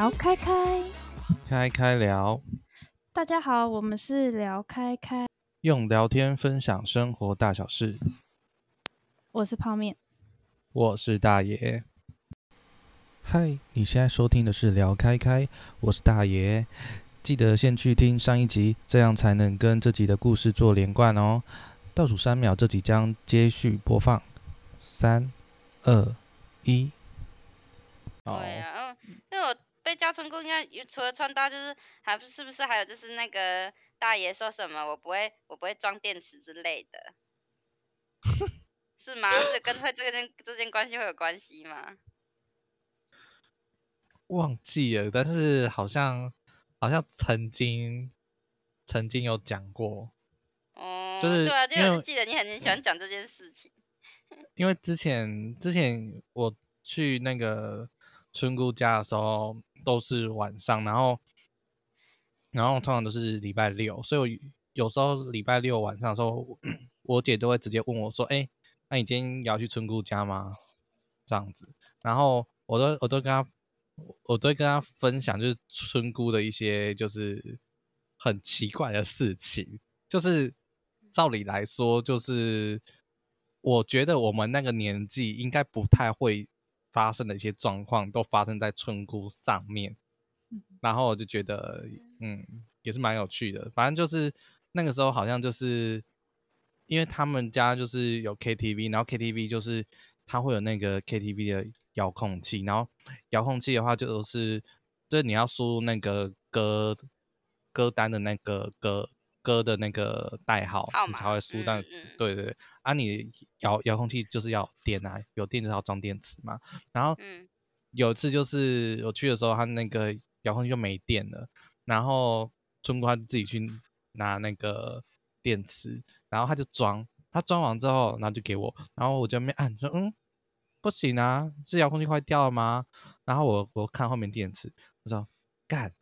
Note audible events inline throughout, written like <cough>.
聊開開，開開聊。大家好，我們是聊開開，用聊天分享生活大小事。我是泡麵，我是大爺。嗨，你現在收聽的是聊開開，我是大爺。記得先去聽上一集，這樣才能跟這集的故事做連貫哦。倒數三秒，這集將接續播放。三、二、一。好、oh. 叫村姑應該除了穿搭，就是還不是不是還有就是那個大爺說什麼？我不會，我不會裝電池之類的， <laughs> 是嗎？是跟會這件這件關係會有關係嗎？忘記了，但是好像好像曾經曾經有講過，哦，就是對啊，就是記得你很喜歡講這件事情，因為之前之前我去那個村姑家的時候，都是晚上，然後，然後通常都是禮拜六，所以我有時候禮拜六晚上的時候，我姐都會直接問我說：“哎，那、啊、你今天要去村姑家嗎？”這樣子，然後我都我都跟她，我都跟她分享，就是村姑的一些就是很奇怪的事情，就是照理來說，就是我覺得我們那個年紀應該不太會。發生的一些狀況都發生在村姑上面，然後我就覺得，嗯，也是蠻有趣的。反正就是那個時候，好像就是因為他們家就是有 KTV，然後 KTV 就是他會有那個 KTV 的遙控器，然後遙控器的話就都是，就是你要輸入那個歌歌單的那個歌。哥的那個代號你才會輸，但對對對，啊你遙遙控器就是要電啊，有電就是要裝電池嘛。然後有一次就是我去的時候，他那個遙控器就沒電了，然後村姑他自己去拿那個電池，然後他就裝，他裝完之後，然後就給我，然後我就沒按，說，嗯不行啊，是遙控器壞掉了嗎？然後我我看後面電池，我說幹，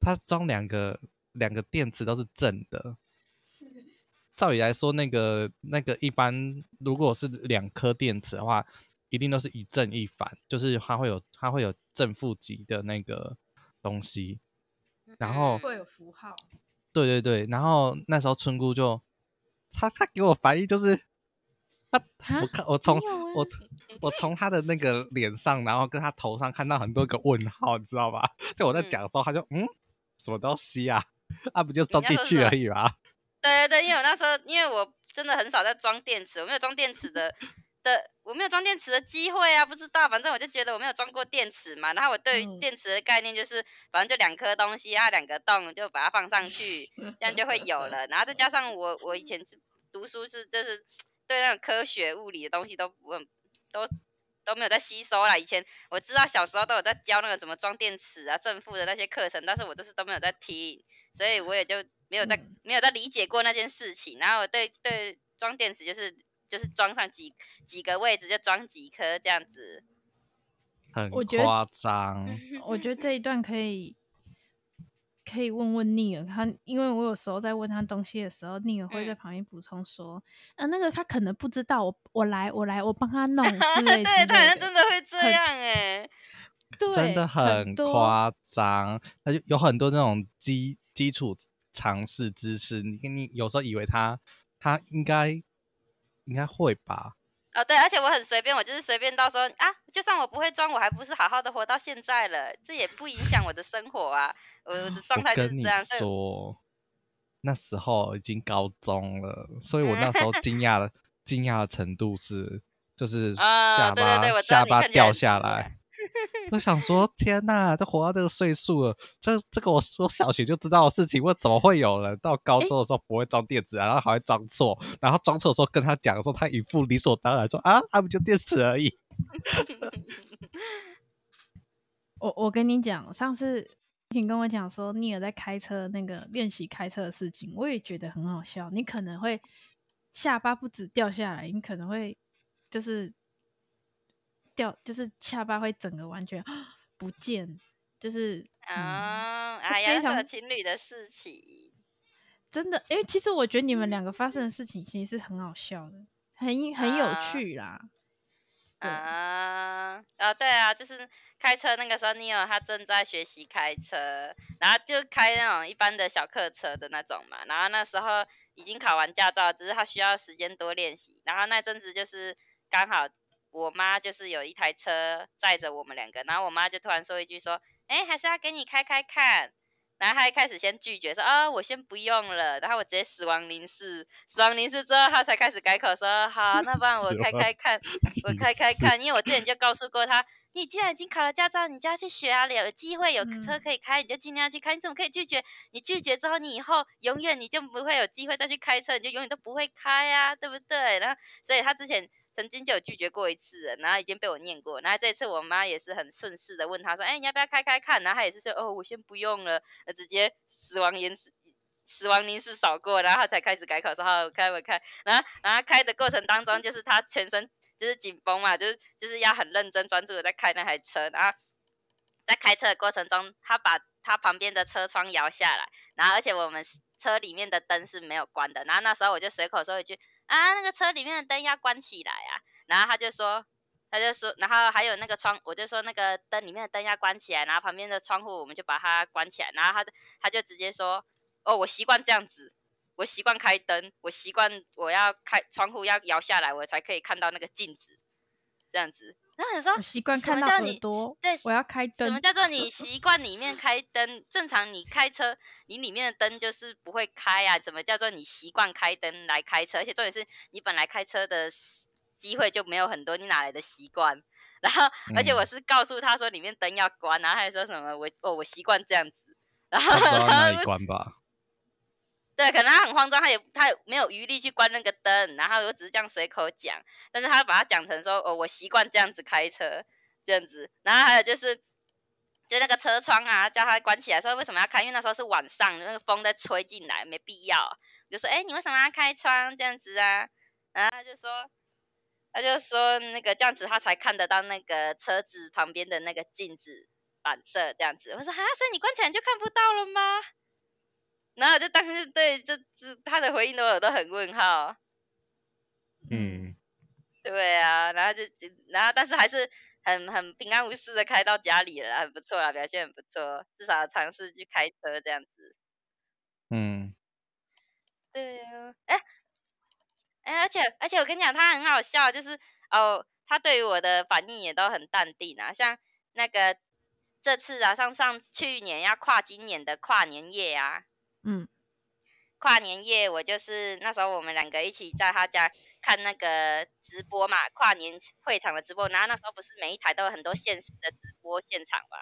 他裝兩個。兩個電池都是正的。照理來說，那個那個一般，如果是兩顆電池的話，一定都是一正一反，就是它會有它會有正負極的那個東西，然後會有符號。對對對，然後那時候村姑就，他她，她給我反應就是，她我看我從、啊、我我從他的那個臉上，然後跟他頭上看到很多個問號，你知道吧？就我在講的時候，他、嗯、就嗯什麼東西啊？那、啊、不就裝進去而已嗎、啊？對對對，因為我那時候，因為我真的很少在裝電池，我沒有裝電池的的，我沒有裝電池的機會啊，不知道，反正我就覺得我沒有裝過電池嘛。然後我對於電池的概念就是，反正就兩顆東西啊，兩個洞就把它放上去， <laughs> 這樣就會有了。然後再加上我，我以前是讀書是就是對那種科學物理的東西都都都沒有在吸收啦。以前我知道小時候都有在教那個怎麼裝電池啊，正負的那些課程，但是我都是都沒有在聽。所以我也就沒有在沒有在理解過那件事情，然後對對裝電池就是就是裝上幾幾個位置就裝幾顆這樣子，很誇張。我覺得這一段可以可以問問寧他，因為我有時候在問他東西的時候，寧會在旁邊補充說，嗯、呃那個他可能不知道，我我來我來我幫他弄之類之類 <laughs> 對，類對，好像真的會這樣誒、欸。對，真的很誇張，他就有很多那種機。基礎常識知識，你你有時候以為他他應該應該會吧？啊、哦，對，而且我很隨便，我就是隨便到說啊，就算我不會裝，我還不是好好的活到現在了，這也不影響我的生活啊。 <laughs> 我的狀態跟你說。那時候已經高中了，所以我那時候驚訝的驚訝的程度是，就是下巴、哦、對對對，下巴掉下來。我想說，天哪，這活到這個歲數了，這這個我說小學就知道的事情，我怎麼會有人到高中的時候不會裝電池、啊，然後還會裝錯，然後裝錯的時候跟他講說他一副理所當然說啊，他、啊、們就電池而已。 <laughs> 我我跟你講，上次你跟我講說，你有在開車那個練習開車的事情，我也覺得很好笑。你可能會下巴不止掉下來，你可能會就是。掉，就是下巴會整個完全不見，就是啊，嗯哦、非常情侶的事情，真的，因、欸、為其實我覺得你們兩個發生的事情其實是很好笑的，嗯、很很有趣啦。啊、嗯、啊、哦，對啊，就是開車那個時候你有他正在學習開車，然後就開那種一般的小客車的那種嘛，然後那時候已經考完駕照，只是他需要時間多練習，然後那陣子就是剛好。我媽就是有一台車載着我們兩個，然後我媽就突然說一句說，哎，還是要給你開開看。然後他開始先拒絕說，哦，我先不用了。然後我直接死亡凝視，死亡凝視之後他才開始改口說，好，那不然我開開看，我開開看。因為我之前就告訴過他， <laughs> 你既然已經考了駕照，你就要去學啊，有機會有車可以開，你就盡量去開。你怎麼可以拒絕？你拒絕之後，你以後永遠你就不會有機會再去開車，你就永遠都不會開啊，對不對？然後所以他之前。曾經就有拒絕過一次，然後已經被我念過，然後這次我媽也是很順勢的問他說，哎、欸，你要不要開開看？然後他也是說，哦，我先不用了，直接死亡凝死亡凝視掃過，然後他才開始改口說，好，我開我開。然後然後開的過程當中，就是他全身就是緊繃嘛，就是就是要很認真專注的在開那台車。然後在開車的過程中，他把他旁邊的車窗搖下來，然後而且我們車裡面的燈是沒有關的。然後那時候我就隨口說一句。啊，那個車裡面的燈要關起來啊，然後他就說，他就說，然後還有那個窗，我就說那個燈裡面的燈要關起來，然後旁邊的窗戶我們就把它關起來，然後他他就直接說，哦，我習慣這樣子，我習慣開燈，我習慣我要開窗戶要搖下來，我才可以看到那個鏡子，這樣子。然後你說，我習慣看到你多？我要開燈。什麼叫做你習慣裡面開燈？ <laughs> 正常你開車，你裡面的燈就是不會開啊。怎麼叫做你習慣開燈來開車？而且重點是你本來開車的機會就沒有很多，你哪來的習慣？然後、嗯，而且我是告訴他說裡面燈要關啊，然後他還說什麼我哦，我習慣這樣子。然後關吧。 <laughs> 對，可能他很慌張，他也他也沒有餘力去關那個燈，然後我只是這樣隨口講，但是他把它講成說，哦，我習慣這樣子開車這樣子，然後還有就是，就那個車窗啊，叫他關起來，說為什麼要開？因為那時候是晚上，那個風在吹進來，沒必要，就說，欸，你為什麼要開窗這樣子啊？然後他就說，他就說那個這樣子他才看得到那個車子旁邊的那個鏡子反射這樣子，我說，哈，所以你關起來就看不到了嗎？然後就當時對，這他的回應都有都很問號，嗯，對啊，然後就然後但是還是很很平安無事的開到家裡了，很不錯啊，表現很不錯，至少嘗試去開車這樣子，嗯，對啊，哎而且而且我跟你講，他很好笑，就是哦，他對於我的反應也都很淡定啊，像那個這次啊，上上去年要跨今年的跨年夜啊。嗯，跨年夜，我就是那時候我們兩個一起在他家看那個直播嘛，跨年會場的直播。然後那時候不是每一台都有很多現實的直播現場嘛，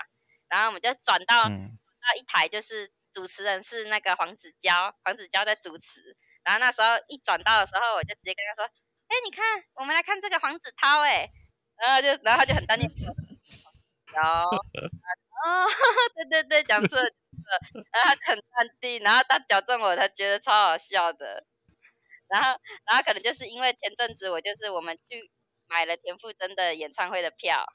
然後我們就轉到、嗯、到一台，就是主持人是那個黃子佼，黃子佼在主持。然後那時候一轉到的時候，我就直接跟他說：“哎、欸，你看，我們來看這個黃子韜。”哎，然後就然後他就很淡定， <laughs> 有啊， <laughs> 對對對，講錯。 <laughs> <laughs> 然後他很淡定，然後他矯正我，他覺得超好笑的。然後，然後可能就是因為前陣子我就是我們去買了田馥甄的演唱會的票，呃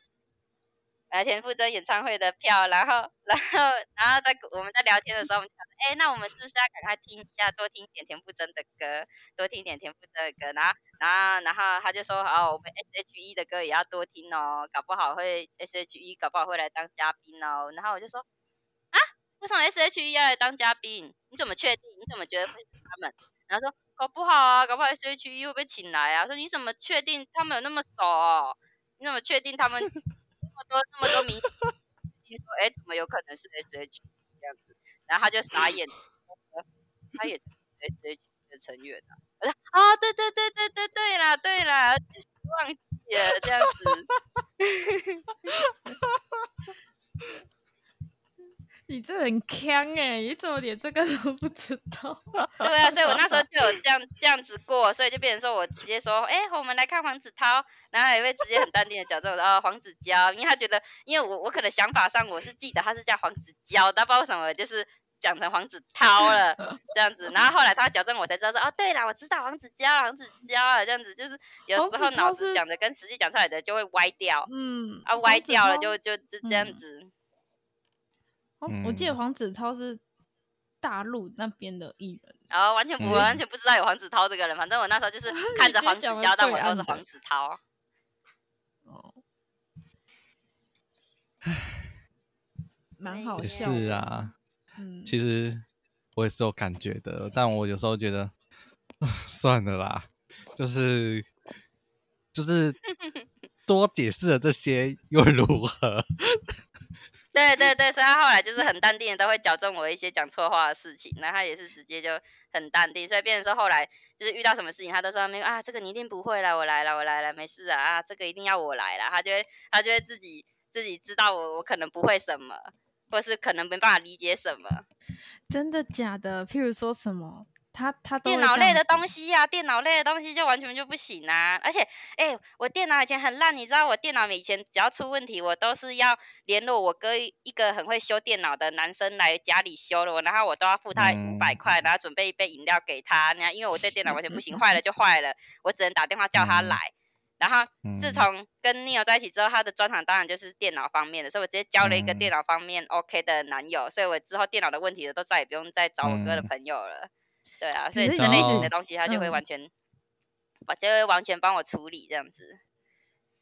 買了田馥甄演唱會的票，然後，然後，然後在我們在聊天的時候，哎，那我們是不是要趕快聽一下，多聽點田馥甄的歌，多聽點田馥甄的歌然後，然後，然後他就說，哦，我們 S H E 的歌也要多聽哦，搞不好會 S H E，搞不好會來當嘉賓哦。然後我就說。會上 SHE 要來當嘉賓，你怎麼確定？你怎麼覺得會是他們？然後說，搞不好啊，搞不好 SHE 又被請來啊。說，你怎麼確定他們有那麼少熟、哦？你怎麼確定他們那麼多那 <laughs> 麼多明星？你說哎、欸，怎麼有可能是 SHE 這樣子？然後他就傻眼，他說他也是 SHE 的成員啊。我啊、哦，對對對對對對了，對了，忘記了這樣子。 <laughs> 你這很坑哎、欸！你怎麼連這個都不知道？ <laughs> 對啊，所以我那時候就有這樣這樣子過，所以就變成說我直接說，哎、欸，我們來看黃子韜，然後也會直接很淡定的矯正，然、哦、後黃子佼，因為他覺得，因為我我可能想法上我是記得他是叫黃子佼的，但不知道為什麼就是講成黃子韜了，這樣子，然後後來他矯正我才知道說，哦，對啦，我知道黃子佼，黃子佼啊，這樣子，就是有時候腦子想的跟實際講出來的就會歪掉，嗯，啊歪掉了就就就這樣子。嗯哦、我記得黃子韜是大陸那邊的藝人，啊、嗯哦，完全不完全不知道有黃子韜這個人。反正我那時候就是看着黃子佼、嗯，但我叫的是、嗯、是黃子韜。哦、嗯，蠻好笑的是啊、嗯。其實我也是有感覺的，但我有時候覺得，算了啦，就是就是多解釋了這些又如何？對對對，所以他後來就是很淡定的，都會矯正我一些講錯話的事情。那他也是直接就很淡定，所以變成說後來就是遇到什麼事情，他都說沒有啊，這個你一定不會了，我來了，我來了，沒事啊啊，這個一定要我來了。他就會他就會自己自己知道我我可能不會什麼，或是可能沒辦法理解什麼。真的假的？譬如說什麼？他他電腦類的東西呀、啊，電腦類的東西就完全就不行啊！而且，哎、欸，我電腦以前很爛，你知道我電腦以前只要出問題，我都是要聯絡我哥一個很會修電腦的男生來家裡修了我，然後我都要付他五百塊，然後準備一杯飲料給他。然後，因為我對電腦完全不行， <laughs> 壞了就壞了，我只能打電話叫他來。然後，自從跟你有在一起之後，他的專長當然就是電腦方面的，所以我直接交了一個電腦方面 OK 的男友，所以我之後電腦的問題都再也不用再找我哥的朋友了。對啊，所以這個類型的東西，他就會完全，我、嗯、就會完全幫我處理這樣子。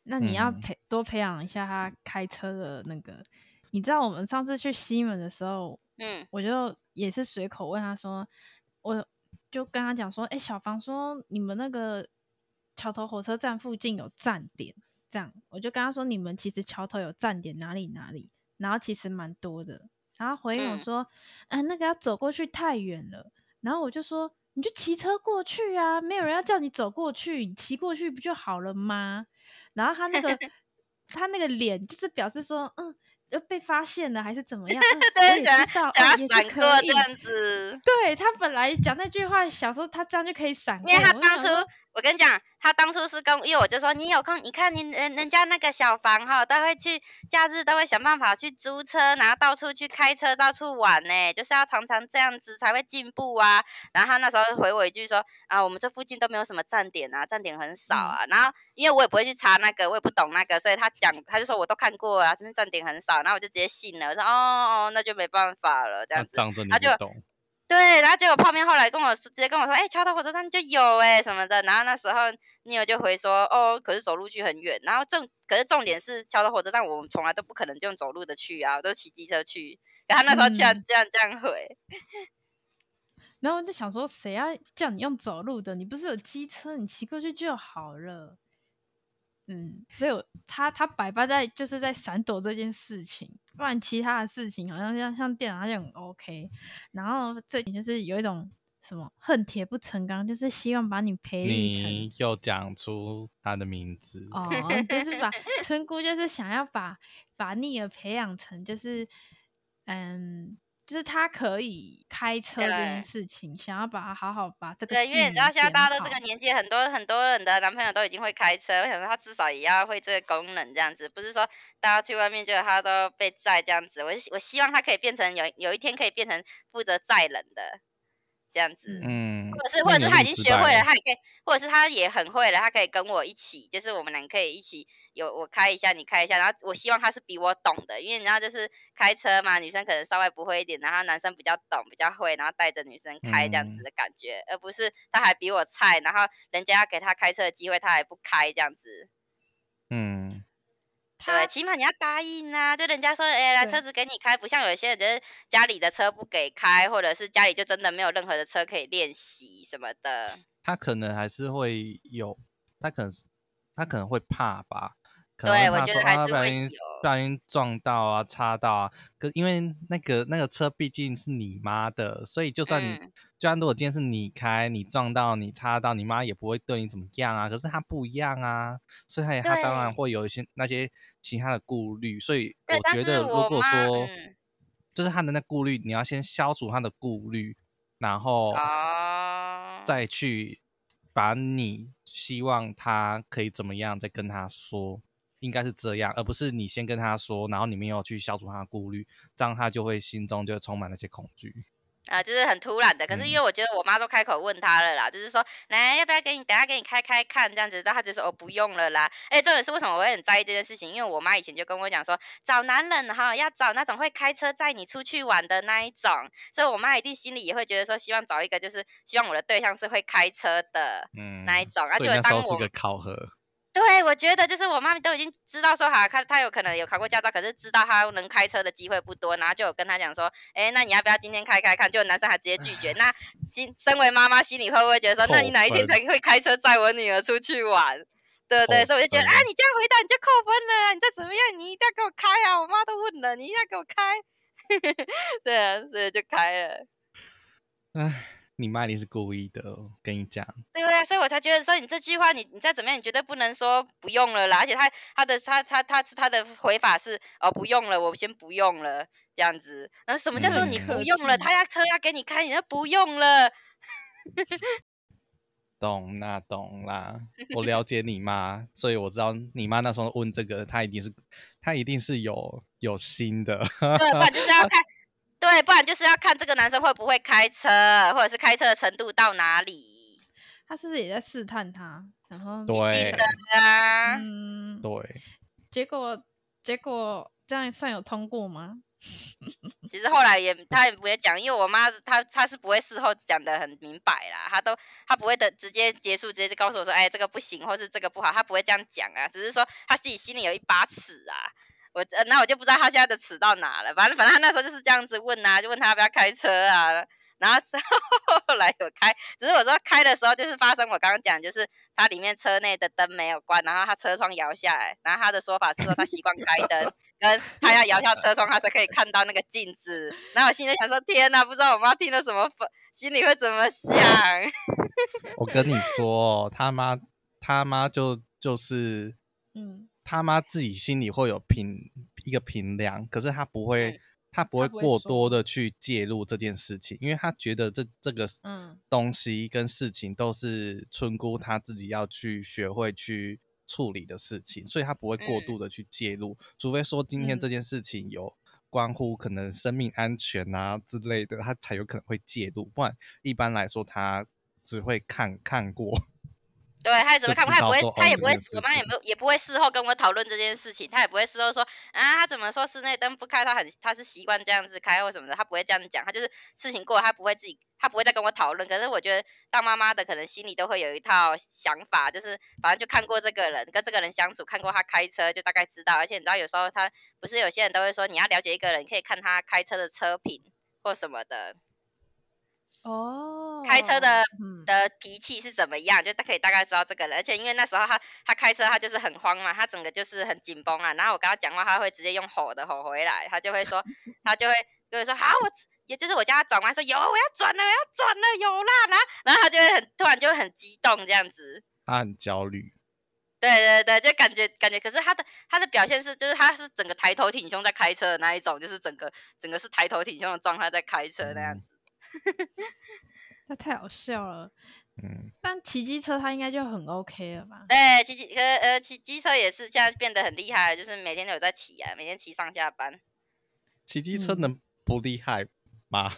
那你要培、多培養一下他開車的那個、嗯。你知道我們上次去西門的時候，嗯，我就也是隨口問他說，我就跟他講說，哎、欸，小芳說你們那個橋頭火車站附近有站點，這樣我就跟他說，你們其實橋頭有站點哪裡哪裡，然後其實蠻多的，然後回應我說，嗯，欸、那個要走過去太遠了。然後我就說，你就騎車過去啊，沒有人要叫你走過去，你騎過去不就好了嗎？然後他那個， <laughs> 他那個臉就是表示說，嗯，要被發現了還是怎麼樣？嗯 <laughs> 對嗯、我也知道，哦、閃也是可以這樣子。對，他本來講那句話，想說他這樣就可以閃過，因為他當初我跟你講，他當初是跟，因為我就說你有空，你看你人人家那個小房哈，都會去，假日都會想辦法去租車，然後到處去開車，到處玩呢，就是要常常這樣子才會進步啊。然後他那時候回我一句說，啊，我們這附近都沒有什麼站點啊，站點很少啊。嗯。然後因為我也不會去查那個，我也不懂那個，所以他講，他就說我都看過啊，這邊站點很少。然後我就直接信了，我說哦，哦，那就沒辦法了，這樣子。他就懂。對，然後結果泡麵後來跟我直接跟我說，哎、欸，橋頭火車站就有哎、欸、什麼的。然後那時候你兒就回說，哦，可是走路去很遠。然後重，可是重點是橋頭火車站我們從來都不可能用走路的去啊，我都騎機車去。然後他那時候居然這樣、嗯、這樣回，然後我就想說，誰要叫你用走路的？你不是有機車，你騎過去就好了。嗯，所以我他他百般在就是在閃躲這件事情。不然其他的事情好像像像電腦它就很 OK，然後最近就是有一種什麼恨鐵不成鋼，就是希望把你培養成。你又講出他的名字哦，oh, 就是把村姑，就是想要把 <laughs> 把逆兒培養成，就是嗯。就是他可以開車這件事情，想要把它好好把這個。對，因為你知道現在大家都這個年紀，很多很多人的男朋友都已經會開車，我想說他至少也要會這個功能這樣子，不是說大家去外面就他都被載這樣子。我我希望他可以變成有有一天可以變成負責載人的這樣子。嗯。或者是，或者是他已經學會了，他也可以；或者是他也很會了，他可以跟我一起，就是我們倆可以一起有我開一下，你開一下。然後我希望他是比我懂的，因為你知道就是開車嘛，女生可能稍微不會一點，然後男生比較懂，比較會，然後帶着女生開這樣子的感覺，而不是他還比我菜，然後人家要給他開車的機會，他還不開這樣子。嗯，嗯。對，起碼你要答應啊！就人家說，哎、欸，來，車子給你開，不像有些人，就是家裡的車不給開，或者是家裡就真的沒有任何的車可以練習什麼的。他可能還是會有，他可能，他可能會怕吧。可能他對，我覺得還是會、啊不。不小心撞到啊，擦到啊，可因為那個那個車畢竟是你媽的，所以就算你、嗯，就算如果今天是你開，你撞到你擦到，你媽也不會對你怎麼樣啊。可是他不一樣啊，所以他，他當然會有一些那些其他的顧慮。所以我覺得，如果說、嗯，就是他的那顧慮，你要先消除他的顧慮，然後再去把你希望他可以怎麼樣，再跟他說。應該是這樣，而不是你先跟他說，然後你沒有去消除他的顧慮，這樣他就會心中就充滿那些恐懼，啊、呃，就是很突然的。可是因為我覺得我媽都開口問他了啦，嗯、就是說來要不要給你，等下給你開開看，這樣子，他就說哦不用了啦。哎、欸，這也是為什麼我會很在意這件事情，因為我媽以前就跟我講說，找男人哈要找那種會開車載你出去玩的那一種，所以我媽一定心裡也會覺得說，希望找一個就是希望我的對象是會開車的那一種，嗯啊、就會當是個考核。對，我覺得就是我媽咪都已經知道說，哈，她她有可能有考過駕照，可是知道她能開車的機會不多，然後就有跟她講說，哎，那你要不要今天開開看？就有男生還直接拒絕。那心身，身為媽媽心裡會不會覺得說，oh, 那你哪一天才會開車載我女兒出去玩？對對，oh, 所以我就覺得、oh, 啊，你這樣回答你就扣分了啊，你再怎麼樣，你一定要給我開啊！我媽都問了，你一定要給我開。 <laughs> 對啊，所以就開了。唉。你媽，一定是故意的，跟你講。對不對啊，所以我才覺得說，你這句話你，你你再怎麼樣，你絕對不能說不用了啦。而且他他的他他他他，他的回法是哦，不用了，我先不用了，這樣子。然後什麼叫做你不用了？嗯嗯、他要車要給你開，你就不用了。 <laughs> 懂啦，懂啦，我了解你媽， <laughs> 所以我知道你媽那時候問這個，她一定是她一定是有有心的。 <laughs> 對，就是要看。 <laughs> 對，不然就是要看這個男生會不會開車，或者是開車的程度到哪裡。他是不是也在試探他？然後對的啊，嗯，對。結果結果這樣算有通過嗎？ <laughs> 其實後來也他也不會講，因為我媽她她是不會事後講得很明白啦，她都她不會的直接結束，直接就告訴我說，哎，這個不行，或是這個不好，她不會這樣講啊，只是說她自己心裡有一把尺啊。我那我就不知道他現在的尺到哪了，反正反正他那時候就是這樣子問吶、啊，就問他要不要開車啊，然後後來我開，只是我說開的時候就是發生我剛剛講，就是他裡面車內的燈沒有關，然後他車窗搖下來，然後他的說法是說他習慣開燈， <laughs> 跟他要搖下車窗他才可以看到那個鏡子，然後我心裡想說天吶，不知道我媽聽了什麼心裡會怎麼想。我跟你說、哦，他媽他媽就就是嗯。他媽自己心裡會有評，一個評量，可是他不會，他不會過多的去介入這件事情，因為他覺得這這個嗯東西跟事情都是村姑她自己要去學會去處理的事情，嗯、所以他不會過度的去介入、嗯，除非說今天這件事情有關乎可能生命安全啊之類的，他、嗯、才有可能會介入，不然一般來說他只會看看過。對，他也怎麼看，他也不會，他也不會，我媽也沒有，也不會事後跟我討論這件事情，他也不會事後說，啊，他怎麼說室內燈不開，他很，他是習慣這樣子開或什麼的，他不會這樣講，他就是事情過，他不會自己，他不會再跟我討論。可是我覺得當媽媽的可能心裡都會有一套想法，就是反正就看過這個人，跟這個人相處，看過他開車，就大概知道。而且你知道有時候他，不是有些人都會說你要了解一個人，可以看他開車的車品或什麼的。哦、oh，開車的的脾氣是怎麼樣？就他可以大概知道這個了。而且因為那時候他他開車，他就是很慌嘛，他整個就是很緊繃啊。然後我跟他講話，他會直接用吼的吼回來，他就會說，他就會就會說，好、啊，我也就是我叫他轉彎，說有，我要轉了，我要轉了，有啦，那然，然後他就會很突然就很激動這樣子。他很焦慮。對對對，就感覺感覺，可是他的他的表現是，就是他是整個抬頭挺胸在開車的那一種，就是整個整個是抬頭挺胸的狀態在開車那樣子。嗯。那 <laughs> 太好笑了，嗯，但騎機車他應該就很 OK 了吧？對，騎機呃呃騎機車也是現在變得很厲害，就是每天都有在騎啊，每天騎上下班。騎機車能不厲害嗎？誒、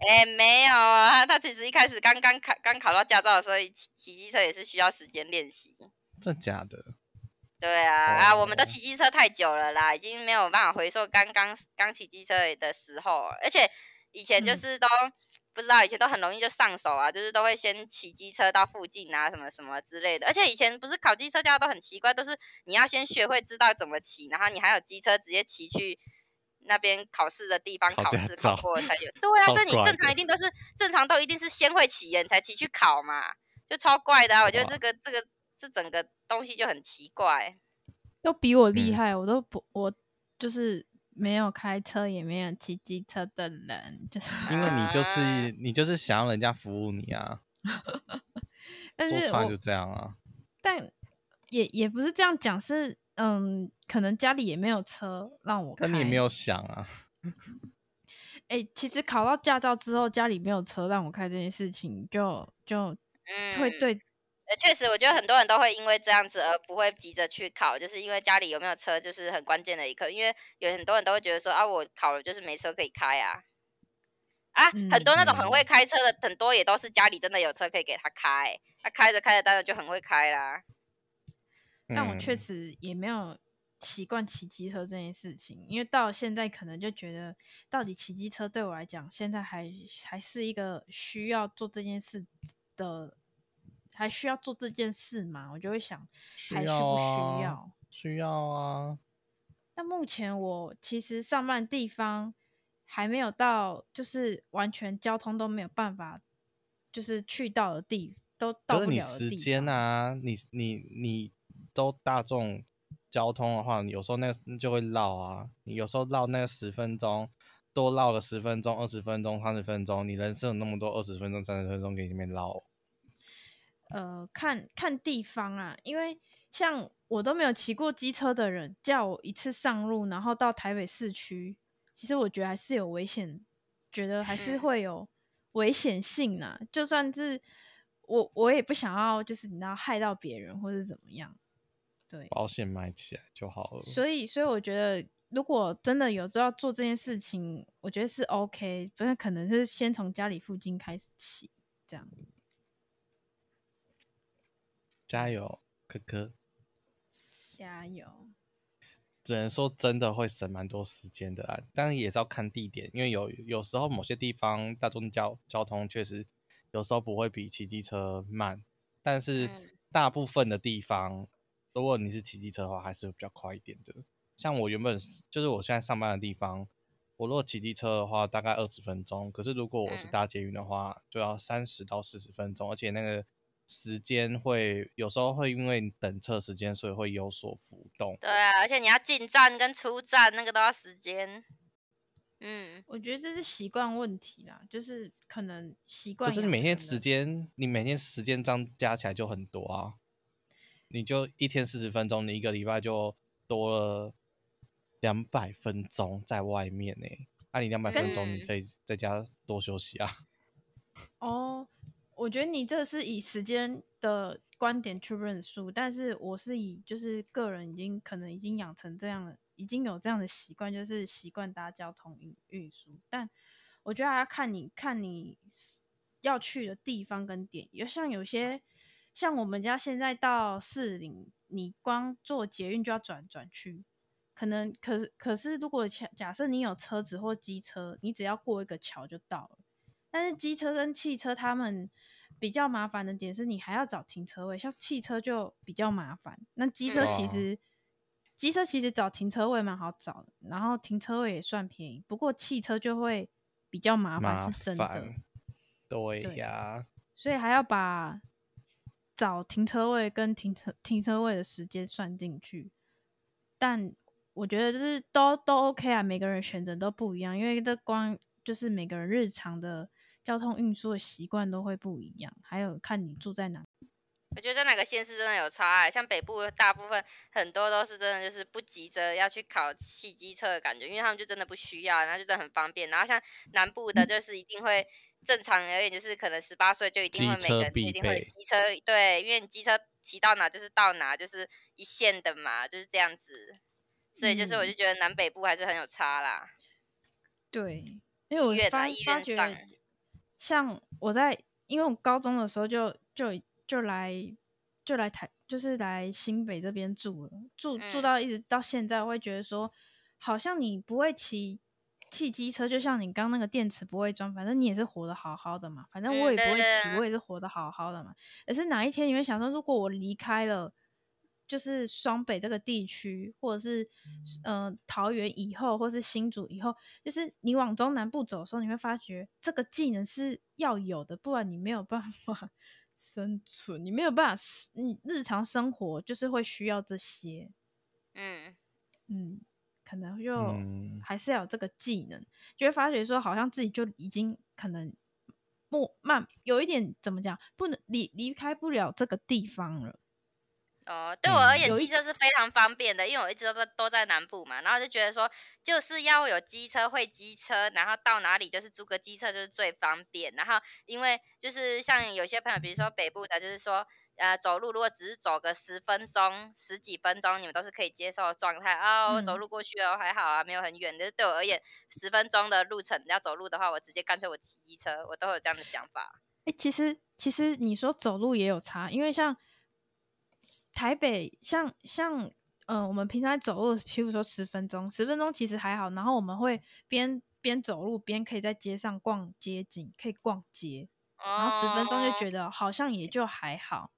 嗯欸，沒有啊，他其實一開始剛剛考剛考到駕照的時候，所以騎騎機車也是需要時間練習。真的假的？對啊，oh. 啊，我們都騎機車太久了啦，已經沒有辦法回溯剛剛剛騎機車的時候，而且。以前就是都、嗯、不知道，以前都很容易就上手啊，就是都會先騎機車到附近啊，什麼什麼之類的。而且以前不是考機車駕照都很奇怪，都是你要先學會知道怎麼騎，然後你還有機車直接騎去那邊考試的地方考試考過才有。對啊，所以你正常一定都是正常都一定是先會騎人，才騎去考嘛，就超怪的啊！我覺得這個這個、這個、這整個東西就很奇怪。都比我厲害，我都不我就是。沒有開車，也沒有騎機車的人，就是因為你就是你就是想要人家服務你啊。 <laughs> 但是我就這樣啊，但也也不是這樣講，是嗯，可能家裡也沒有車讓我開。那你也沒有想啊？哎、 <laughs> 欸，其實考到駕照之後，家裡沒有車讓我開這件事情，就就會對。嗯呃，確實，我覺得很多人都會因為這樣子而不會急着去考，就是因為家裡有沒有車就是很關鍵的一刻。因為有很多人都會覺得說啊，我考了就是沒車可以開啊，啊，很多那種很會開車的，嗯、很多也都是家裡真的有車可以給他開，他、啊、開着開着當然就很會開啦，嗯。但我確實也沒有習慣騎，騎機車這件事情，因為到了現在可能就覺得，到底騎機車對我來講，現在還還是一個需要做這件事的。還需要做這件事嗎？我就會想，還需不需要，需要，啊？需要啊。那目前我其實上班地方還沒有到，就是完全交通都沒有辦法，就是去到的地都到不了。是你時間啊，你你你，你都大眾交通的話，你有時候那就會繞啊。你有時候繞那個十分鐘，多繞個十分鐘、二十分鐘、三十分鐘。你人生有那麼多，二十分鐘、三十分鐘給你們繞。呃，看看地方啊，因為像我都沒有騎過機車的人，叫我一次上路，然後到台北市區，其實我覺得還是有危險，覺得還是會有危險性啊。 <laughs> 就算是我，我也不想要，就是你知道，害到別人或是怎麼樣。對，保險買起來就好了。所以，所以我覺得，如果真的有做要做這件事情，我覺得是 OK，不是可能是先從家裡附近開始騎這樣。加油，可可！加油！只能說真的會省蠻多時間的啊，當然也是要看地點，因為有有時候某些地方大眾交交通確實有時候不會比騎機車慢，但是大部分的地方，嗯、如果你是騎機車的話，還是比較快一點的。像我原本就是我現在上班的地方，我如果騎機車的話，大概二十分鐘，可是如果我是搭捷運的話，嗯、就要三十到四十分鐘，而且那個。時間會有時候會因為你等車時間，所以會有所浮動。對啊，而且你要進站跟出站那個都要時間。嗯，我覺得這是習慣問題啦，就是可能習慣。可、就是你每天時間，你每天時間這樣加起來就很多啊。你就一天四十分鐘，你一個禮拜就多了兩百分鐘在外面呢、欸。那、啊、你兩百分鐘，你可以在家多休息啊。 <laughs> 哦。我覺得你這是以時間的觀點去認輸，但是我是以就是個人已經可能已經養成這樣的已經有這樣的習慣，就是習慣搭交通運運輸。但我覺得還要看你看你要去的地方跟點，因像有些像我們家現在到士林，你光坐捷運就要轉轉去，可能可是可是如果假假設你有車子或機車，你只要過一個橋就到了。但是機車跟汽車，他們比較麻煩的點是你還要找停車位，像汽車就比較麻煩。那機車其實，機車其實找停車位蠻好找的，然後停車位也算便宜。不過汽車就會比較麻煩，是真的。麻煩。對呀。對，所以還要把找停車位跟停車停車位的時間算進去。但我覺得就是都都 OK 啊，每個人選擇都不一樣，因為這光就是每個人日常的。交通運輸的習慣都會不一樣，還有看你住在哪裡。我覺得哪個縣市真的有差、欸，像北部大部分很多都是真的就是不急着要去考汽機車的感覺，因為他們就真的不需要，然後就真的很方便。然後像南部的，就是一定會正常而言，就是可能十八歲就一定會每個人一定會機車，對，因為你機車騎到哪就是到哪，就是一線的嘛，就是這樣子。所以就是我就覺得南北部還是很有差啦。嗯、對，因、欸、為我一醫院上。像我在，因為我高中的時候就就就來就來台，就是來新北這邊住了，住住到一直到現在，我會覺得說，好像你不會騎汽機車，就像你剛那個電池不會裝，反正你也是活得好好的嘛，反正我也不會騎，我也是活得好好的嘛。可是哪一天你會想說，如果我離開了？就是雙北這個地區，或者是嗯、呃、桃園以後，或是新竹以後，就是你往中南部走的時候，你會發覺這個技能是要有的，不然你沒有辦法生存，你沒有辦法，嗯，日常生活就是會需要這些，嗯嗯，可能就還是要有這個技能，就會發覺說，好像自己就已經可能不慢，有一點怎麼講，不能離離開不了這個地方了。哦，對我而言，機車是非常方便的，嗯、因為我一直都都在南部嘛，然後就覺得說，就是要有機車，會機車，然後到哪裡就是租個機車就是最方便。然後因為就是像有些朋友，比如說北部的，就是說，呃，走路如果只是走個十分鐘、十幾分鐘，你們都是可以接受的狀態哦，走路過去哦、嗯、還好啊，沒有很遠。就是對我而言，十分鐘的路程要走路的話，我直接乾脆我騎機車，我都有這樣的想法。哎、欸，其實其實你說走路也有差，因為像。台北像、像嗯、呃，我們平常走路，譬如說十分鐘，十分鐘其實還好。然後我們會邊邊走路邊可以在街上逛街景，可以逛街，然後十分鐘就覺得好像也就還好。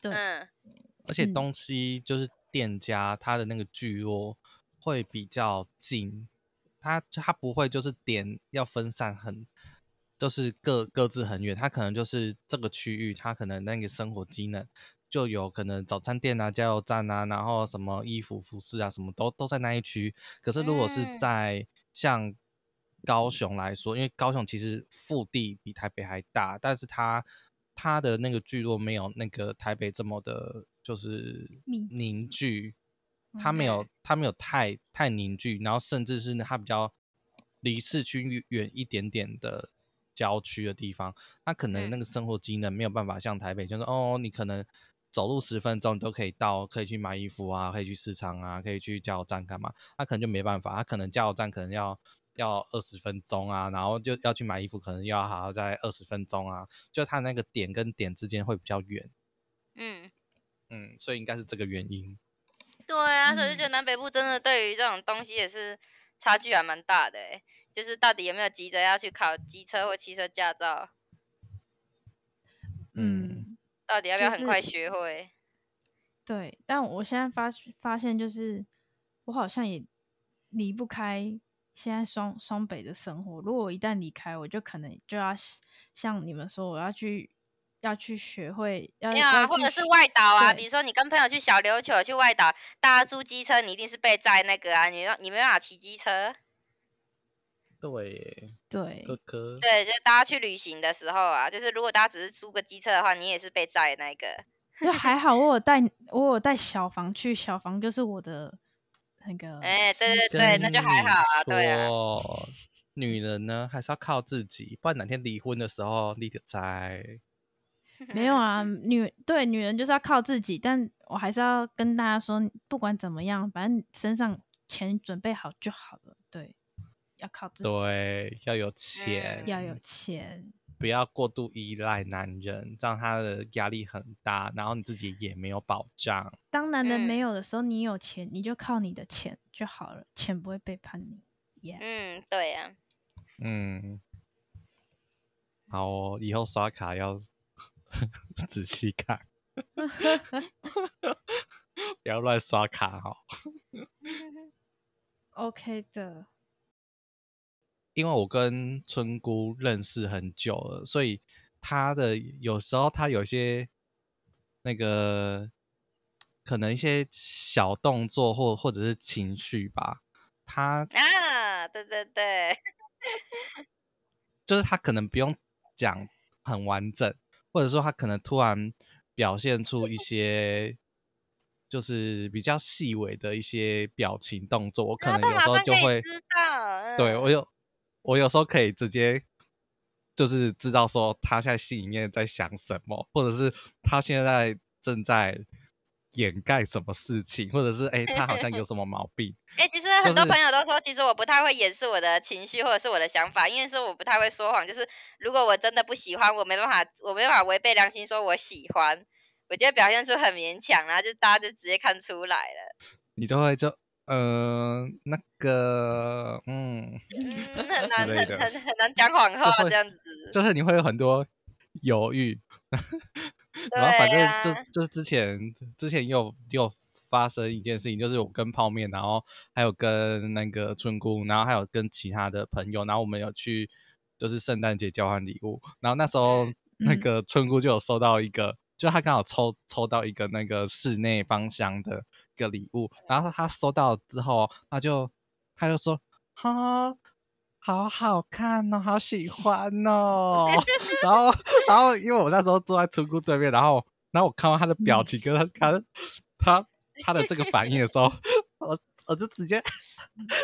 對，而且東西就是店家他的那個聚落會比較近，他他不會就是點要分散很，就是各各自很遠，他可能就是這個區域，他可能那個生活機能。就有可能早餐店啊、加油站啊，然後什麼衣服、服飾啊，什麼都都在那一區。可是如果是在像高雄來說，欸、因為高雄其實腹地比台北還大，但是它它的那個聚落，沒有那個台北這麼的，就是凝聚。它沒有，它沒有太太凝聚。然後甚至是它比較離市區遠一點點的郊區的地方，那可能那個生活機能沒有辦法、嗯、像台北，就是哦，你可能。走路十分鐘你都可以到，可以去買衣服啊，可以去市場啊，可以去加油站幹嘛。他、啊、可能就沒辦法，他、啊、可能加油站可能要要二十分鐘啊，然後就要去買衣服可能又要耗在二十分鐘啊，就他那個點跟點之間會比較遠。嗯嗯，所以應該是這個原因。對啊，所以就覺得南北部真的對於這種東西也是差距還蠻大的，欸，就是到底有沒有急着要去考機車或汽車駕照？嗯。到底要不要很快學會？就是、對，但我現在發發現，就是我好像也離不開現在雙雙北的生活。如果我一旦離開，我就可能就要像你們說，我要去要去學會要，沒有啊，要去學，或者是外島啊，比如說你跟朋友去小琉球去外島，大家租機車，你一定是被載那個啊，你沒有你沒有辦法騎機車，對。對哥哥，對，就大家去旅行的時候啊，就是如果大家只是租個機車的話，你也是被載那個。那還好，我有帶 <laughs> 我有帶小房去，小房就是我的那個。哎、欸，對對對，那就還好啊，對啊。女人呢，還是要靠自己，不然哪天離婚的時候，你的債。 <laughs> 沒有啊，女對女人就是要靠自己，但我還是要跟大家說，不管怎麼樣，反正身上錢準備好就好了，對。要靠自己，對，要有錢，要有錢，不要過度依賴男人，這樣他的壓力很大，然後你自己也沒有保障。當男人沒有的時候，嗯、你有錢，你就靠你的錢就好了，錢不會背叛你，yeah. 嗯，對呀、啊，嗯，好、哦，以後刷卡要 <laughs> 仔細細看， <laughs> 不要亂刷卡哦 <laughs> <laughs> OK 的。因為我跟村姑認識很久了，所以她的有時候她有一些那個可能一些小動作或或者是情緒吧，她啊，對對對， <laughs> 就是她可能不用講很完整，或者說她可能突然表現出一些 <laughs> 就是比較細微的一些表情動作，我可能有時候就會、啊、知道，嗯、對我有。我有時候可以直接，就是知道說他現在心裡面在想什麼，或者是他現在正在掩蓋什麼事情，或者是誒、欸，他好像有什麼毛病。誒、 <laughs> 欸，其實很多朋友都說，就是、其實我不太會掩飾我的情緒，或者是我的想法，因為是我不太會說謊。就是如果我真的不喜歡，我沒辦法，我沒辦法違背良心說我喜歡。我覺得表現出很勉強，然後就大家就直接看出來了。你就會就。嗯、呃，那個，嗯，嗯，很難，很很很難講謊話，這樣子，就是，就是你會有很多猶豫、 <laughs> 對啊。然後反正就就是之前之前又有發生一件事情，就是我跟泡麵，然後還有跟那個村姑，然後還有跟其他的朋友，然後我們有去就是聖誕節交換禮物，然後那時候那個村姑就有收到一個，嗯、就她剛好抽抽到一個那個室內芳香的。一個禮物，然後他收到了之後，他就他就說：“哈，好好看哦，好喜歡哦。 <laughs> ”然後，然後因為我那時候坐在村姑對面，然後，然後我看到他的表情，跟他 <laughs> 他他他的這個反應的時候， <laughs> 我我就直接。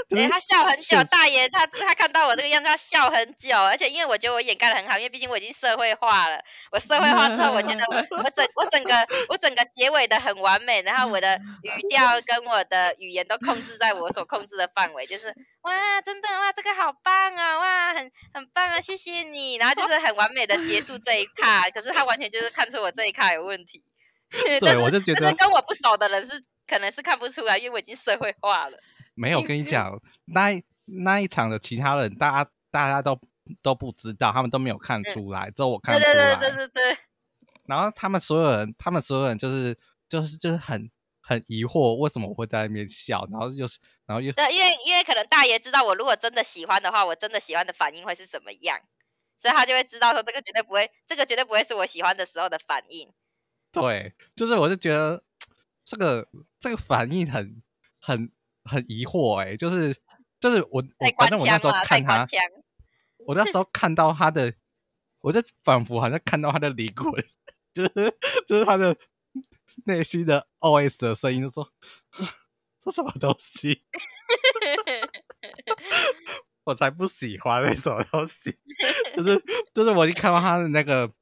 對、欸、他笑很久，大爺，他他看到我這個樣子，他笑很久。而且因為我覺得我掩蓋的很好，因為畢竟我已經社會化了。我社會化之後，我覺得我，我整我整個我整個結尾的很完美，然後我的語調跟我的語言都控制在我所控制的範圍，就是哇，真的哇，這個好棒啊、哦，哇，很很棒啊，謝謝你。然後就是很完美的結束這一卡，可是他完全就是看出我這一卡有問題。對，對但是我就覺得跟我不熟的人是可能是看不出來，因為我已經社會化了。沒有跟你講、嗯、那一那一場的其他人，大家大家都都不知道，他們都沒有看出來，嗯、只有我看出來。對對對，對，對對對。然後他們所有人，他們所有人就是就是就是很很疑惑，為什麼我會在那邊笑？然後又、就是然後又對，因為因為可能大爺知道，我如果真的喜歡的話，我真的喜歡的反應會是怎麼樣？所以他就會知道說，這個絕對不會，這個絕對不會是我喜歡的時候的反應。對，就是我就覺得這個這個反應很很。很疑惑，哎、欸，就是就是我、啊，反正我那時候看他，我那時候看到他的， <laughs> 我就仿佛好像看到他的靈魂，就是就是他的內心的 OS 的聲音，就說說 <laughs> 這什麼東西？ <laughs> 我才不喜歡那什麼東西， <laughs> 就是就是我一看到他的那個。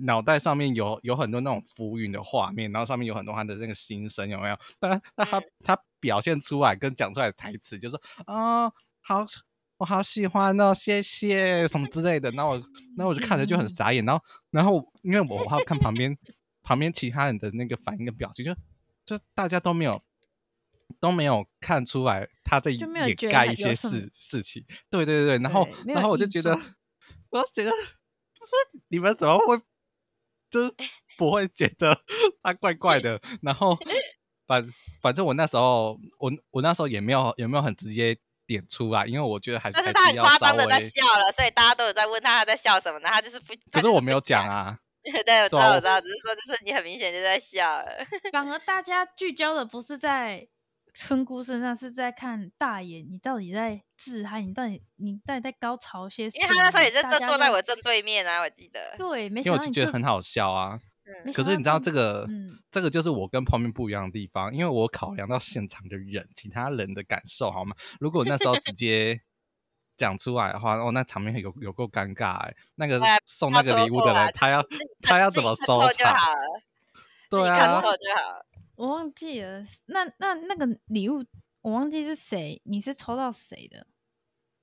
腦袋上面有有很多那種浮雲的畫面，然後上面有很多他的那個心聲，有沒有？那那他他，他表現出來跟講出來的台詞就是啊、哦，好，我好喜歡哦，謝謝什麼之類的。那我那我就看着就很傻眼。嗯、然後然後因為我我看旁邊 <laughs> 旁邊其他人的那個反應的表情，就就大家都沒有都沒有看出來他在掩蓋一些事事情。對對對，對然後，對然，後然後我就覺得，我覺得，不是，你們怎麼會？ <laughs> 就是不會覺得他怪怪的，然後反反正我那時候我我那時候也沒有也沒有很直接點出來，啊，因為我覺得還是但是他很誇張的在笑，在笑了，所以大家都有在問他他在笑什麼，呢他就是不可是，就是我沒有講啊， <laughs> 對，我知道我知道，只，啊就是說就是你很明顯就在笑了， <laughs> 反而大家聚焦的不是在。村姑身上，是在看大爺，你到底在治他？你到底你到底在高潮些什麼？因為他那時候也是坐坐在我正對面啊，我記得。對，沒錯，因為我就覺得很好笑啊、嗯。可是你知道這個，嗯、這個就是我跟旁邊不一樣的地方，因為我考量到現場的人、嗯、其他人的感受，好嗎？如果那時候直接講出來的話， <laughs> 哦，那場面有有夠尷尬誒、欸。那個送那個禮物的人，他要他要怎麼收場？對啊。我忘記了，那那那，那個禮物我忘記是誰，你是抽到誰的？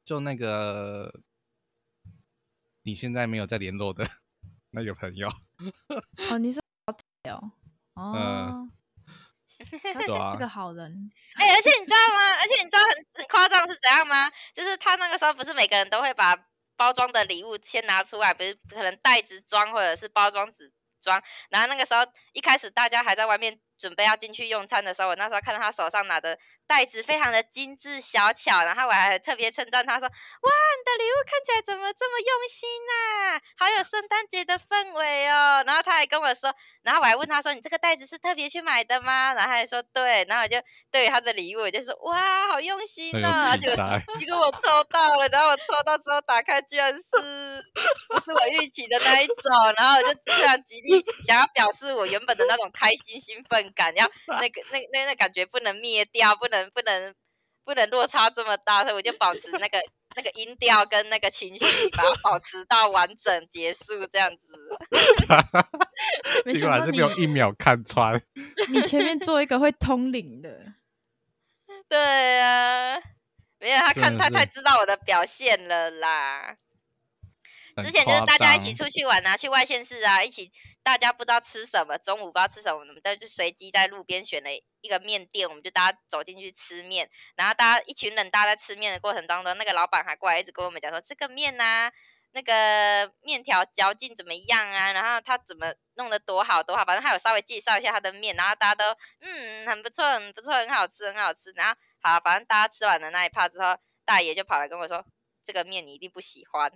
就那個你現在沒有在聯絡的那有、個、朋友。哦，你說老 <laughs> 哦，哦、嗯，小卓是個好人。哎、 <laughs> 欸，而且你知道嗎？而且你知道很很誇張是怎樣嗎？就是他那個時候不是每個人都會把包裝的禮物先拿出來，不是可能袋子裝或者是包裝紙裝，然後那個時候一開始大家還在外面。準備要進去用餐的時候，我那時候看到他手上拿的袋子非常的精致小巧，然後我還特別稱讚他說：“哇，你的禮物看起來怎麼這麼用心吶、啊？好有聖誕節的氛圍哦。”然後他還跟我說，然後我還問他說：“你這個袋子是特別去買的嗎？”然後他還說：“對。”然後我就對他的禮物，我就說：“哇，好用心吶、喔！”結果結果我抽到了，然後我抽到之後打開，居然是不是我預期的那一種，然後我就非常極力想要表示我原本的那種開心興奮。感要那個那那那感覺不能滅掉，不能不能不能落差這麼大，所以我就保持那個 <laughs> 那個音調跟那個情緒吧，保持到完整結束這樣子。結果還是被一秒看穿。 <laughs> 你前面做一個會通靈的， <laughs> 對呀、啊，沒有他看他太知道我的表現了啦。之前就是大家一起出去玩啊，去外縣市啊，一起大家不知道吃什麼，中午不知道吃什麼，我們就隨機在路邊選了一個麵店，我們就大家走進去吃麵。然後大家一群人大家在吃麵的過程當中，那個老闆還過來一直跟我們講說這個麵吶、啊，那個麵條嚼勁怎麼樣啊？然後他怎麼弄得多好多好，反正他有稍微介紹一下他的麵，然後大家都嗯很不錯，很不錯，很好吃，很好吃。然後好，反正大家吃完了那一趴之後，大爺就跑來跟我說，這個麵你一定不喜歡。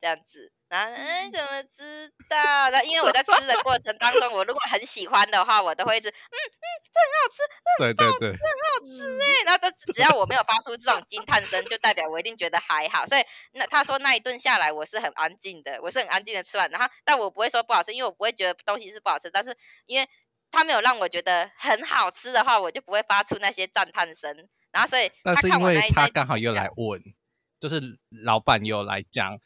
這樣子，然後，哎、嗯，怎麼知道？那因為我在吃的過程當中， <laughs> 我如果很喜歡的話，我都會一直，嗯嗯，這很好吃，這對對對，這很好吃哎、欸。然後，都只要我沒有發出這種驚嘆聲， <laughs> 就代表我一定覺得還好。所以那，那他說那一頓下來，我是很安靜的，我是很安靜的吃完。然後，但我不會說不好吃，因為我不會覺得東西是不好吃。但是，因為他沒有讓我覺得很好吃的話，我就不會發出那些讚嘆聲。然後，所以那，那是因為他剛好又來問，就是老闆又來講。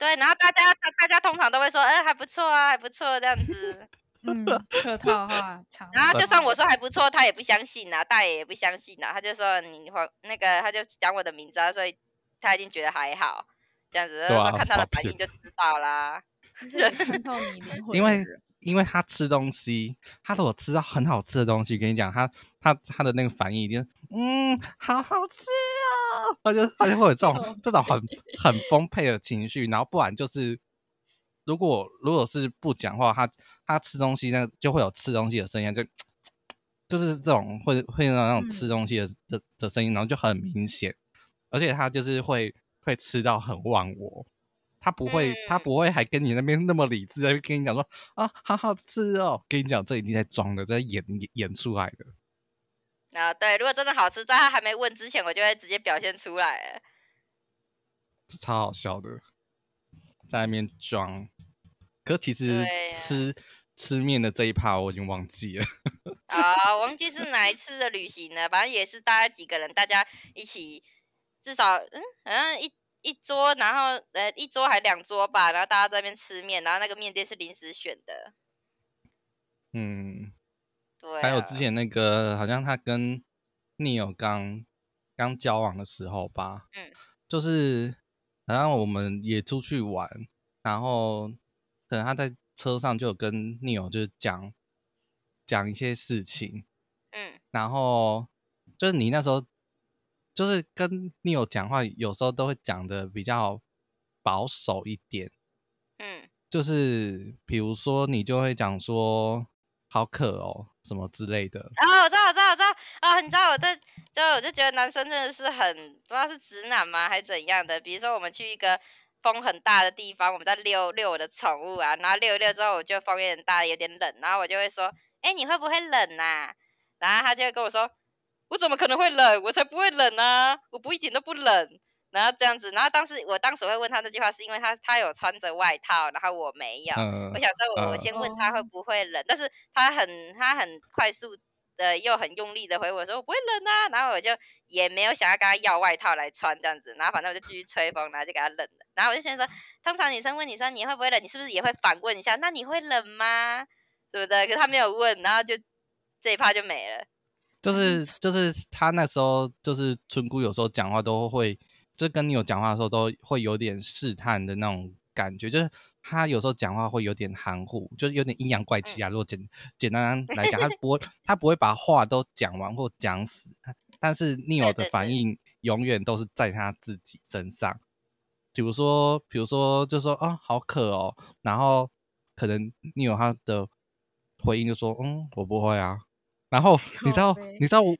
對，然後大家，大家通常都會說，嗯，還不錯啊，還不錯這樣子， <laughs> 嗯，客套話、話。然後就算我說還不錯，他也不相信吶、啊，大爺也不相信吶、啊，他就說你那個，他就講我的名字、啊，所以他一定覺得還好，這樣子，啊、然後說看他的反應就知道啦。看到另外。 <laughs> 因為笑因為他吃東西，他如果吃到很好吃的東西，跟你講，他他他的那個反應已經，嗯，好好吃哦，他 <laughs> 就他就會有這種這種很很豐沛的情緒，然後不然就是，如果如果是不講話，他他吃東西那就會有吃東西的聲音，就就是這種會會那種吃東西的的的聲音，然後就很明顯，而且他就是會會吃到很忘我。他不會、嗯，他不會還跟你那邊那麼理智，會跟你講說啊，好好吃哦，跟你講這一定在裝的，在演演出來的。啊，對，如果真的好吃，在他還沒問之前，我就會直接表現出來，這超好笑的，在那邊裝。可其實吃、啊、吃麵的這一趴，我已經忘記了。啊，忘記是哪一次的旅行了， <laughs> 反正也是大家幾個人，大家一起，至少嗯，好像一。一桌，然後呃，一桌還兩桌吧，然後大家在那邊吃麵，然後那個麵店是臨時選的。嗯，對、啊。還有之前那個，好像他跟 Neo 剛剛交往的時候吧，嗯，就是然後我們也出去玩，然後可能他在車上就有跟 Neo 就是講講一些事情，嗯，然後就是你那時候。就是跟女友講話，有時候都會講的比較保守一點，嗯，就是比如說你就會講說好渴哦、喔，什麼之類的。啊、哦，我知道，我知道，我知道。啊、哦，你知道我在，就我就覺得男生真的是很，不知道是直男嗎？還是怎樣的？比如說我們去一個風很大的地方，我們在遛遛我的寵物啊，然後遛一遛之後，我就風有點大，有點冷，然後我就會說，哎、欸，你會不會冷吶、啊？然後他就會跟我說。我怎麼可能會冷？我才不會冷啊！我不一點都不冷。然後這樣子，然後當時我當時會問他那句話，是因為他他有穿着外套，然後我沒有。呃、我想說我，我先問他會不會冷，呃、但是他很他很快速的又很用力的回我說我不會冷啊。然後我就也沒有想要跟他要外套來穿這樣子，然後反正我就繼續吹風，然後就給他冷了。然後我就想說，通常女生問你說你會不會冷，你是不是也會反問一下那你會冷嗎？對不對？可他沒有問，然後就這一趴就沒了。就是就是他那時候就是村姑，有時候講話都會，就是、跟你有講話的時候都會有點試探的那種感覺。就是他有時候講話會有點含糊，就是有點陰陽怪氣啊。嗯、如果簡簡單來講，他不會 <laughs> 他不會把話都講完或講死，但是你有的反應永遠都是在他自己身上。對對對，比如說，比如說就說啊、哦、好渴哦，然後可能你有他的回應就說，嗯，我不會啊。然後你知道你知道我，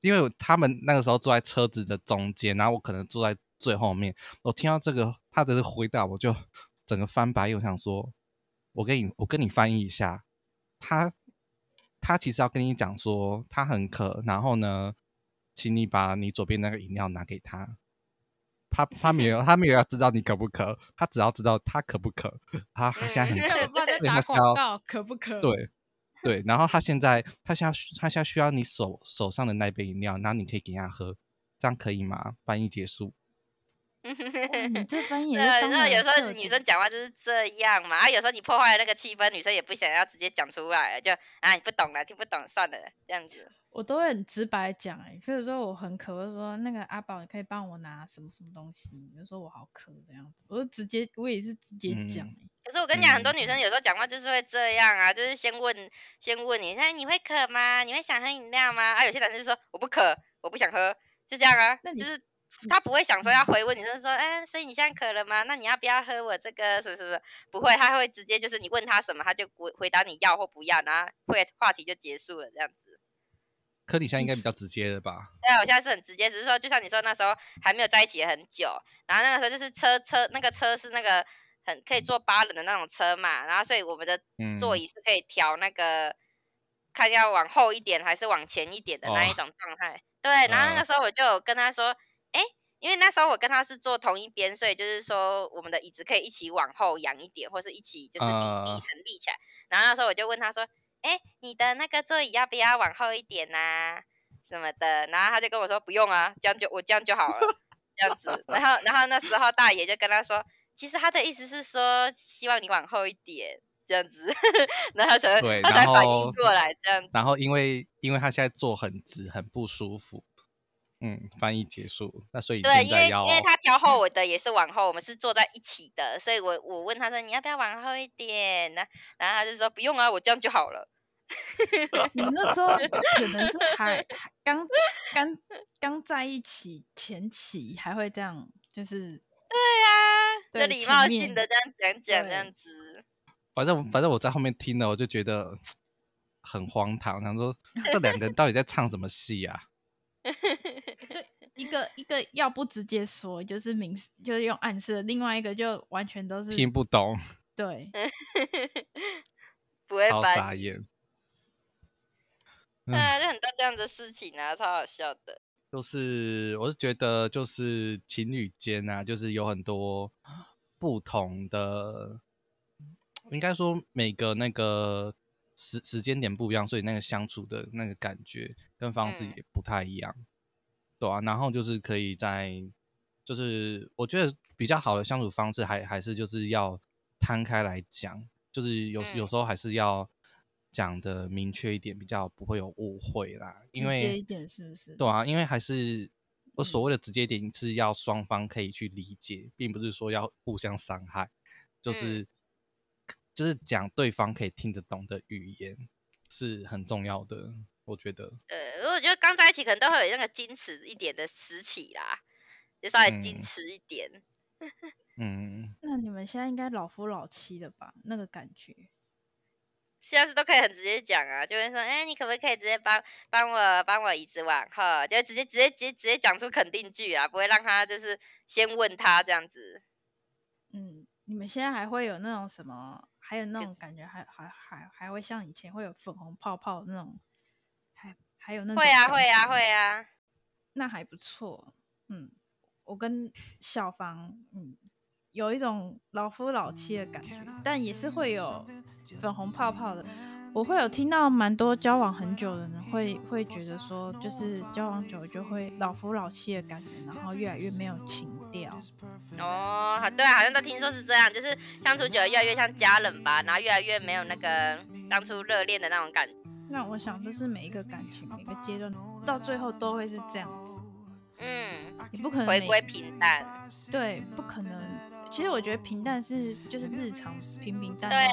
因為他們那個時候坐在車子的中間，然後我可能坐在最後面。我聽到這個他的回答，我就整個翻白眼，我想說，我給你，我跟你翻譯一下。他他其實要跟你講說，他很渴，然後呢，請你把你左邊那個飲料拿給他。他他沒有 <laughs> 他沒有要知道你渴不渴，他只要知道他渴不渴，他現在很渴，他在打廣告，渴不渴？對。 <laughs> 對，然後他現在，他現在需，他現在需要你手手上的那杯飲料，然後你可以給他喝，這樣可以嗎？翻譯結束。 <laughs> 哦、你這翻譯， <laughs> 對，然後有時候女生講話就是這樣嘛，啊，有時候你破壞了那個氣氛，女生也不想要直接講出來，就啊，你不懂了，聽不懂了算了，這樣子。我都會很直白講哎、欸，比如說我很渴，我說那個阿寶，你可以幫我拿什麼什麼東西？就說我好渴這樣子，我就直接，我也是直接講、欸、嗯、可是我跟你講，很多女生有時候講話就是會這樣啊，就是先問，先問你，那你會渴嗎？你會想喝飲料嗎？啊，有些男生就說我不渴，我不想喝，就這樣啊，嗯、那你就是。他不會想說要回問你，就是說，哎、欸，所以你現在渴了嗎？那你要不要喝我這個？是不是？什麼什麼？不會，他會直接就是你問他什麼，他就回回答你要或不要，然後會話題就結束了這樣子。可你現在應該比較直接的吧？對啊，我現在是很直接，只是說就像你說那時候還沒有在一起很久，然後那個時候就是車車那個車是那個很可以坐八人的那種車嘛，然後所以我們的座椅是可以調那個、嗯、看要往後一點還是往前一點的那一種狀態、哦。對，然後那個時候我就有跟他說。因為那時候我跟他是坐同一邊，所以就是說我們的椅子可以一起往後仰一點，或是一起就是立、呃、立成立起來。然後那時候我就問他說：“哎、欸，你的那個座椅要不要往後一點吶、啊？什麼的？”然後他就跟我說：“不用啊，這樣就我這樣就好了， <laughs> 這樣子。”然後然後那時候大爺就跟他說：“其實他的意思是說，希望你往後一點，這樣子。 <laughs> 然”然後才會、對，他才反應過來這樣然。然後因為因為他現在坐很直，很不舒服。嗯，翻譯結束。那所以現在要、哦、對，因為因為他調後我的也是往後，我們是坐在一起的，所以我我問他說，你要不要往後一點呢、啊？然後他就說不用啊，我這樣就好了。 <laughs> 你們那時候可能是還剛剛剛在一起前期還會這樣，就是對呀、啊，這禮貌性的這樣講講這樣子。反正反正我在後面聽了，我就覺得很荒唐，想說這兩個人到底在唱什麼戲呀、啊？ <laughs> 一個一個要不直接說，就是明，就是用暗示；另外一個就完全都是聽不懂，對， <laughs> 不會白。超傻眼、嗯。啊，就很多這樣的事情啊，超好笑的。就是我是覺得，就是情侶間啊，就是有很多不同的，應該說每個那個時時間點不一樣，所以那個相處的那個感覺跟方式也不太一樣。嗯對啊，然後就是可以在，就是我覺得比較好的相處方式還，還還是就是要攤開來講，就是有、嗯、有時候還是要講的明確一點，比較不會有誤會啦，因為。直接一點是不是？對啊，因為還是我所謂的直接點是要雙方可以去理解、嗯，並不是說要互相傷害，就是、嗯、就是講對方可以聽得懂的語言是很重要的。我覺得，呃，如果我覺得剛在一起，可能都會有那個矜持一點的時期啦，就稍微矜持一點。嗯， <laughs> 嗯，那你們現在應該老夫老妻了吧？那個感覺，下次都可以很直接講啊，就會說，哎、欸，你可不可以直接幫幫我，幫我椅子往後哈？就直接直接直直接講出肯定句啊，不會讓他就是先問他這樣子。嗯，你們現在還會有那種什麼？還有那種感覺還，還還還還會像以前會有粉紅泡泡那種？還有那會呀、啊、會呀、啊、會呀、啊，那還不錯。嗯，我跟小房，嗯，有一種老夫老妻的感覺，但也是會有粉紅泡泡的。我會有聽到蠻多交往很久的人會會覺得說，就是交往久了就會老夫老妻的感覺，然後越來越沒有情調。哦，好對、啊，好像都聽說是這樣，就是相處久了越來越像家人吧，然後越來越沒有那個當初熱戀的那種感覺。那我想的是每一個感情，每個階段到最後都會是這樣子。嗯，你不可能回歸平淡。對，不可能。其實我覺得平淡是就是日常平平淡淡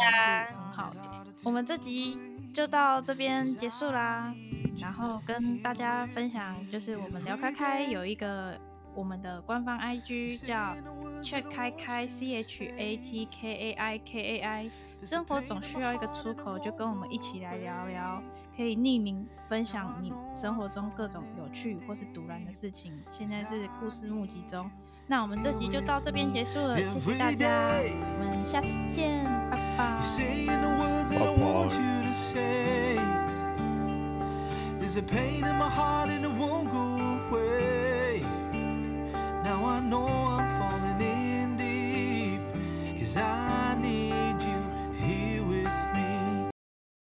是很好的。我們這集就到這邊結束啦，然後跟大家分享就是我們聊開開有一個我們的官方 I G 叫 c h e c k 開開 c h a t k a i k a i。生活總需要一個出口，就跟我們一起來聊聊，可以匿名分享你生活中各種有趣或是賭爛的事情。現在是故事募集中，那我們這集就到這邊結束了，謝謝大家，我們下次見，拜拜。 <music>